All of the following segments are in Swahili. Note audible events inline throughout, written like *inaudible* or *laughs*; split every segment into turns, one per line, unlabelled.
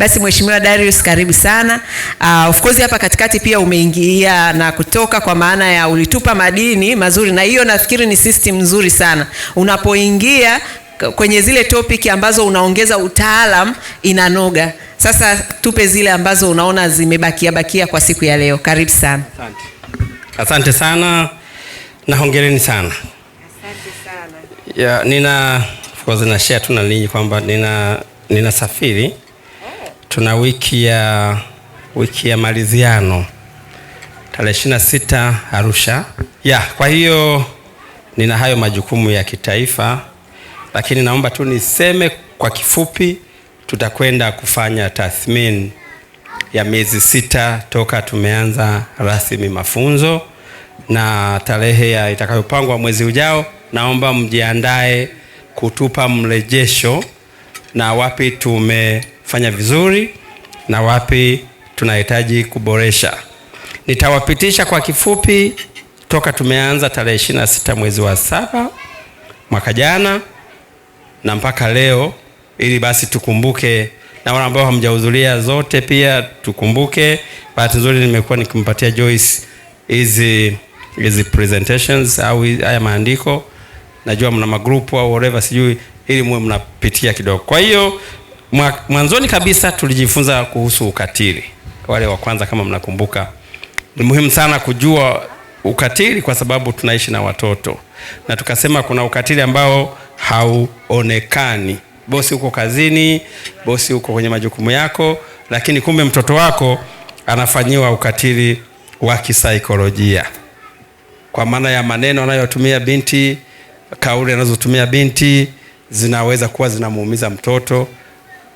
Basi Mheshimiwa Darius karibu sana. Uh, of course hapa katikati pia umeingia na kutoka kwa maana ya ulitupa madini mazuri, na hiyo nafikiri ni system nzuri sana unapoingia kwenye zile topic ambazo unaongeza utaalam inanoga. Sasa tupe zile ambazo unaona zimebakia bakia kwa siku ya leo. Karibu sana.
Asante, asante sana na hongereni sana.
Asante
sana. Ya, nina of course na share tu na ninyi kwamba nina safiri tuna wiki ya wiki ya maridhiano tarehe 26 Arusha ya. Kwa hiyo nina hayo majukumu ya kitaifa, lakini naomba tu niseme kwa kifupi, tutakwenda kufanya tathmini ya miezi sita toka tumeanza rasmi mafunzo, na tarehe ya itakayopangwa mwezi ujao, naomba mjiandae kutupa mrejesho na wapi tume fanya vizuri na wapi tunahitaji kuboresha. Nitawapitisha kwa kifupi toka tumeanza tarehe 26 mwezi wa saba mwaka jana na mpaka leo, ili basi tukumbuke na wale ambao hamjahudhuria zote pia tukumbuke. Bahati nzuri nimekuwa nikimpatia Joyce hizi hizi presentations au haya maandiko, najua mna magrupu au whatever, sijui ili muwe mnapitia kidogo. Kwa hiyo Mwanzoni kabisa tulijifunza kuhusu ukatili, wale wa kwanza, kama mnakumbuka. Ni muhimu sana kujua ukatili kwa sababu tunaishi na watoto, na tukasema kuna ukatili ambao hauonekani. Bosi uko kazini, bosi uko kwenye majukumu yako, lakini kumbe mtoto wako anafanyiwa ukatili wa kisaikolojia, kwa maana ya maneno anayotumia binti, kauli anazotumia binti zinaweza kuwa zinamuumiza mtoto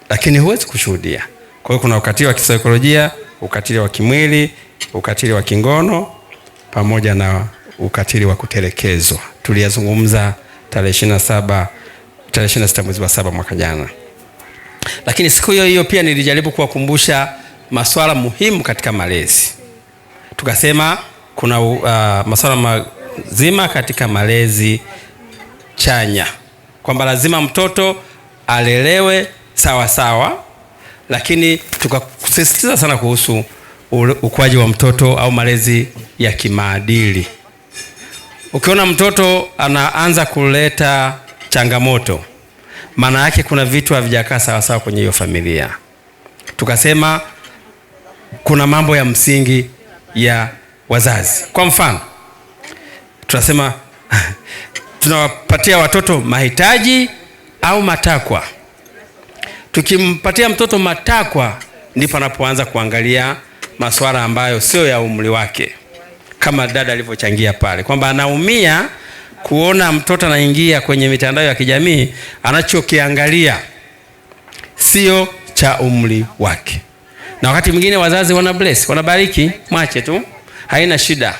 lakini huwezi kushuhudia. Kwa hiyo kuna ukatili wa kisaikolojia, ukatili wa kimwili, ukatili wa kingono pamoja na ukatili wa kutelekezwa. Tuliyazungumza tarehe 27 tarehe 26 mwezi wa saba mwaka jana. Lakini siku hiyo hiyo pia nilijaribu kuwakumbusha masuala muhimu katika malezi. Tukasema kuna uh, masuala mazima katika malezi chanya, kwamba lazima mtoto alelewe sawa sawa, lakini tukasisitiza sana kuhusu ukuaji wa mtoto au malezi ya kimaadili. Ukiona mtoto anaanza kuleta changamoto, maana yake kuna vitu havijakaa sawasawa kwenye hiyo familia. Tukasema kuna mambo ya msingi ya wazazi. Kwa mfano, tunasema *laughs* tunawapatia watoto mahitaji au matakwa Tukimpatia mtoto matakwa, ndipo anapoanza kuangalia masuala ambayo sio ya umri wake, kama dada alivyochangia pale kwamba anaumia kuona mtoto anaingia kwenye mitandao ya kijamii, anachokiangalia sio cha umri wake. Na wakati mwingine wazazi wana bless, wanabariki, mwache tu, haina shida.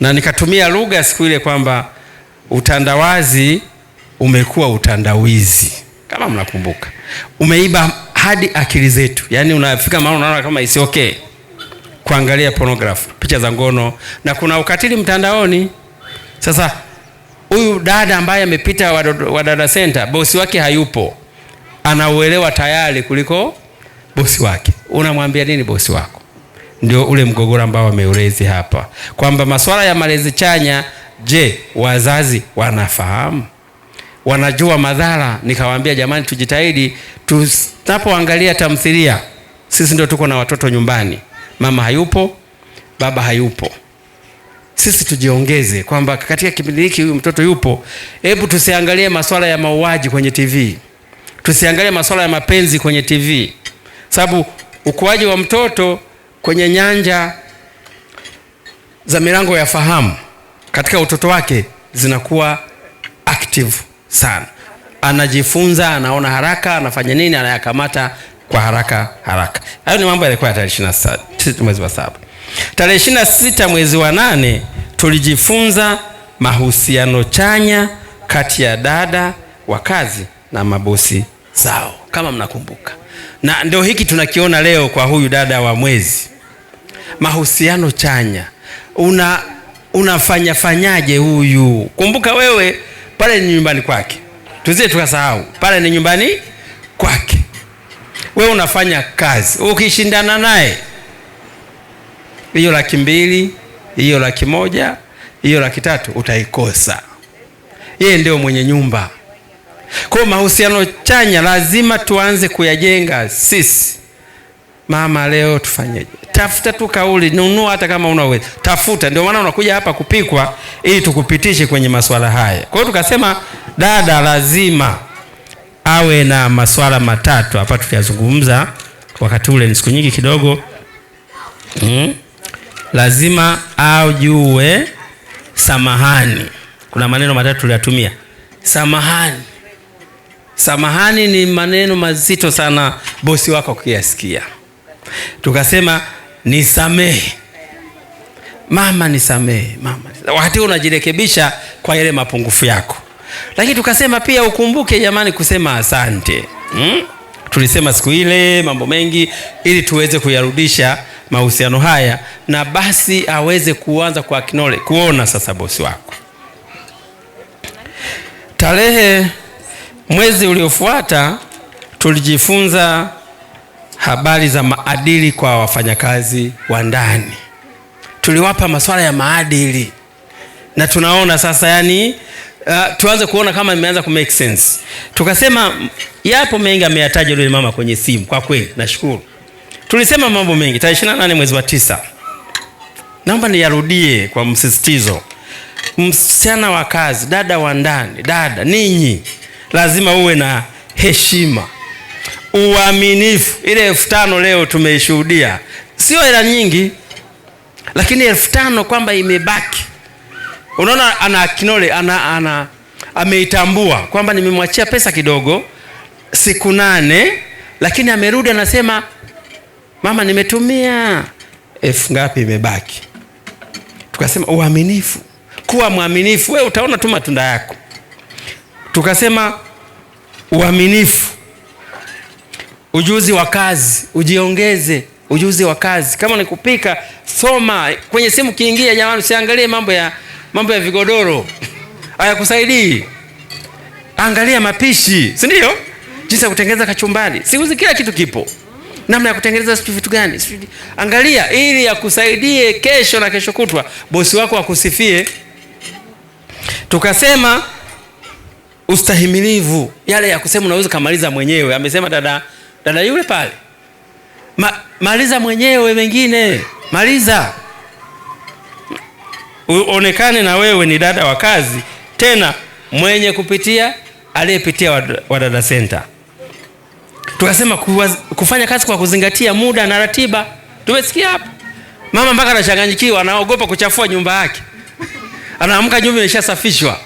Na nikatumia lugha siku ile kwamba utandawazi umekuwa utandawizi kama mnakumbuka, umeiba hadi akili zetu, yani unafika mahali unaona kama isi okay kuangalia pornography, picha za ngono na kuna ukatili mtandaoni. Sasa huyu dada ambaye amepita Wadada Center, bosi wake hayupo, anauelewa tayari kuliko bosi wake. Unamwambia nini bosi wako? Ndio ule mgogoro ambao wameulezi hapa, kwamba masuala ya malezi chanya, je, wazazi wanafahamu? wanajua madhara. Nikawaambia jamani, tujitahidi, tunapoangalia tamthilia sisi ndio tuko na watoto nyumbani, mama hayupo, baba hayupo. Sisi tujiongeze kwamba katika kipindi hiki huyu mtoto yupo. Hebu tusiangalie masuala ya mauaji kwenye TV, tusiangalie masuala ya mapenzi kwenye TV, sababu ukuaji wa mtoto kwenye nyanja za milango ya fahamu katika utoto wake zinakuwa active sana, anajifunza, anaona haraka, anafanya nini, anayakamata kwa haraka haraka. Hayo ni mambo yalikuwa ya tarehe 26 mwezi wa saba. Tarehe 26 mwezi wa nane tulijifunza mahusiano chanya kati ya dada wa kazi na mabosi zao, kama mnakumbuka, na ndio hiki tunakiona leo kwa huyu dada wa mwezi. Mahusiano chanya una unafanyafanyaje huyu? Kumbuka wewe pale ni nyumbani kwake, tuzie tukasahau pale ni nyumbani kwake. We unafanya kazi, ukishindana naye, hiyo laki mbili, hiyo laki moja, hiyo laki tatu utaikosa. Yeye ndio mwenye nyumba. Kwa mahusiano chanya lazima tuanze kuyajenga sisi. Mama, leo tufanyeje? tafuta tu kauli, nunua hata kama unaweza tafuta. Ndio maana unakuja hapa kupikwa ili tukupitishe kwenye masuala haya. Kwa hiyo tukasema dada lazima awe na masuala matatu hapa, tukiyazungumza wakati ule ni siku nyingi kidogo hmm. Lazima ajue samahani. Kuna maneno matatu tuliyatumia. Samahani, samahani ni maneno mazito sana, bosi wako akiyasikia tukasema nisamehe mama, nisamehe mama. Wakati unajirekebisha kwa yale mapungufu yako, lakini tukasema pia ukumbuke jamani, kusema asante hmm? Tulisema siku ile mambo mengi, ili tuweze kuyarudisha mahusiano haya, na basi aweze kuanza kwa kinole kuona sasa bosi wako. Tarehe mwezi uliofuata tulijifunza habari za maadili kwa wafanyakazi wa ndani. Tuliwapa masuala ya maadili na tunaona sasa, yani uh, tuanze kuona kama imeanza ku make sense. Tukasema yapo mengi ameyataja yule mama kwenye simu, kwa kweli nashukuru. Tulisema mambo mengi tarehe 28 mwezi wa tisa. Naomba niyarudie kwa msisitizo. Msichana wa kazi, dada wa ndani, dada ninyi lazima uwe na heshima uaminifu. Ile elfu tano leo tumeishuhudia, sio hela nyingi, lakini elfu tano kwamba imebaki. Unaona, ana kinole ana, ana ameitambua kwamba nimemwachia pesa kidogo, siku nane, lakini amerudi anasema, mama, nimetumia elfu ngapi imebaki. Tukasema uaminifu, kuwa mwaminifu, we utaona tu matunda yako. Tukasema uaminifu ujuzi wa kazi ujiongeze ujuzi wa kazi. Kama ni kupika, soma kwenye simu. Kiingia jamani, usiangalie mambo ya mambo ya vigodoro hayakusaidii. Angalia mapishi, si ndio? Jinsi ya kutengeneza kachumbari, siku kila kitu kipo, namna ya kutengeneza sijui vitu gani, angalia ili yakusaidie kesho na kesho kutwa, bosi wako akusifie. Tukasema ustahimilivu, yale ya kusema unaweza kumaliza mwenyewe. Amesema dada dada yule pale Ma, maliza mwenyewe mengine maliza uonekane na wewe ni dada wa kazi tena mwenye kupitia aliyepitia Wadada Center. Tukasema kuwaz, kufanya kazi kwa kuzingatia muda na ratiba. Tumesikia hapa mama mpaka anachanganyikiwa, anaogopa kuchafua nyumba yake, anaamka nyumba imeshasafishwa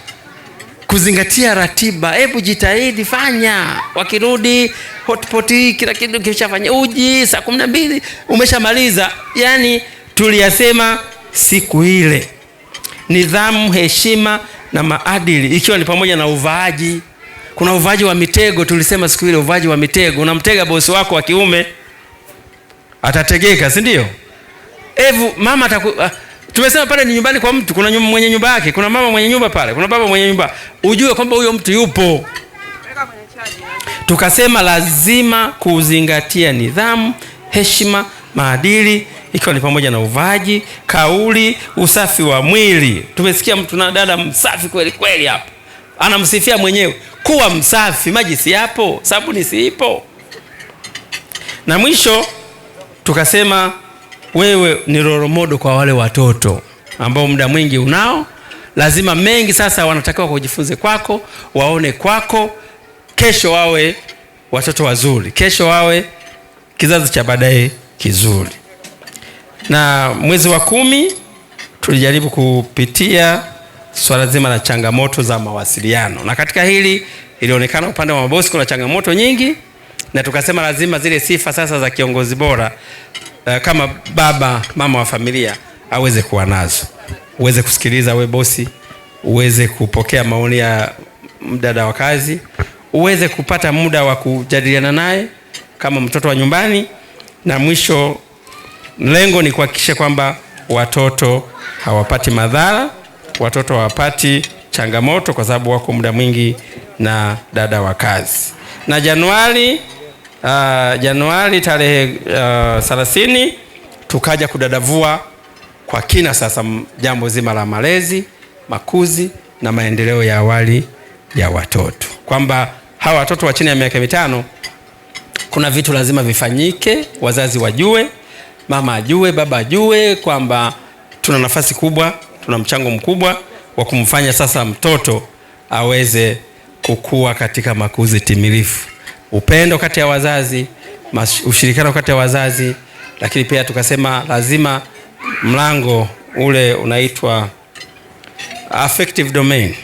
kuzingatia ratiba. Hebu jitahidi, fanya. Wakirudi hotpoti, kila kitu kishafanya, uji saa kumi na mbili umeshamaliza. Yani tuliyasema siku ile, nidhamu, heshima na maadili, ikiwa ni pamoja na uvaaji. Kuna uvaaji wa mitego, tulisema siku ile, uvaaji wa mitego. Unamtega bosi wako wa kiume, atategeka, si ndio? Evu mama ah, tumesema pale ni nyumbani kwa mtu kuna nyumba, mwenye nyumba yake kuna mama mwenye nyumba pale kuna baba mwenye nyumba ujue kwamba huyo mtu yupo tukasema lazima kuzingatia nidhamu heshima maadili ikiwa ni pamoja na uvaji kauli usafi wa mwili tumesikia mtu na dada msafi kweli kweli hapo anamsifia mwenyewe kuwa msafi maji si yapo sabuni siipo na mwisho tukasema wewe ni roromodo kwa wale watoto ambao muda mwingi unao lazima mengi sasa wanatakiwa kujifunze kwako, waone kwako, kesho wawe watoto wazuri, kesho wawe kizazi cha baadaye kizuri. Na mwezi wa kumi tulijaribu kupitia swala zima la changamoto za mawasiliano, na katika hili ilionekana upande wa mabosi kuna changamoto nyingi, na tukasema lazima zile sifa sasa za kiongozi bora uh, kama baba mama wa familia aweze kuwa nazo, uweze kusikiliza we bosi, uweze kupokea maoni ya mdada wa kazi, uweze kupata muda wa kujadiliana naye kama mtoto wa nyumbani, na mwisho lengo ni kuhakikisha kwamba watoto hawapati madhara, watoto hawapati changamoto, kwa sababu wako muda mwingi na dada wa kazi. Na Januari uh, Januari tarehe uh, 30 tukaja kudadavua kwa kina sasa jambo zima la malezi, makuzi na maendeleo ya awali ya watoto, kwamba hawa watoto wa chini ya miaka mitano kuna vitu lazima vifanyike, wazazi wajue, mama ajue, baba ajue kwamba tuna nafasi kubwa, tuna mchango mkubwa wa kumfanya sasa mtoto aweze kukua katika makuzi timilifu upendo kati ya wazazi, ushirikiano kati ya wazazi, lakini pia tukasema lazima mlango ule unaitwa affective domain,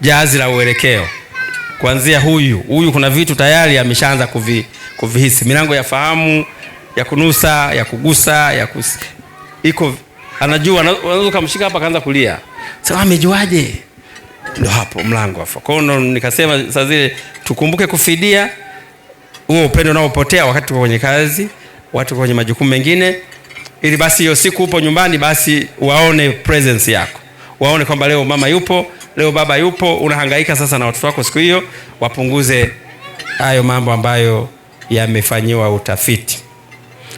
jazi la uelekeo. Kuanzia huyu huyu, kuna vitu tayari ameshaanza kuvi, kuvihisi. Milango ya fahamu, ya kunusa, ya kugusa, ya kus... iko anajua, anaweza kumshika hapa akaanza kulia. sema amejuaje? ndo hapo mlango hapo. Kwa hiyo nikasema saa zile tukumbuke kufidia huo upendo unaopotea wakati tuko kwenye kazi, watu kwenye majukumu mengine, ili basi hiyo siku upo nyumbani, basi waone presence yako, waone kwamba leo mama yupo, leo baba yupo, unahangaika sasa na watoto wako siku hiyo, wapunguze hayo mambo ambayo yamefanyiwa utafiti.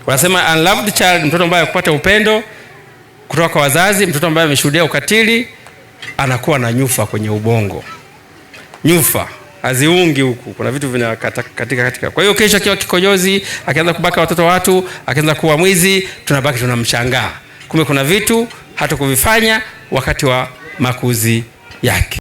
Wanasema unloved child, mtoto ambaye akupata upendo kutoka kwa wazazi, mtoto ambaye ameshuhudia ukatili anakuwa na nyufa kwenye ubongo. Nyufa haziungi huku, kuna vitu vinakatika katika, katika. Kwa hiyo kesho akiwa kikojozi, akianza kubaka watoto wa watu, akianza kuwa mwizi, tunabaki tunamshangaa, kumbe kuna vitu hatukuvifanya wakati wa makuzi yake.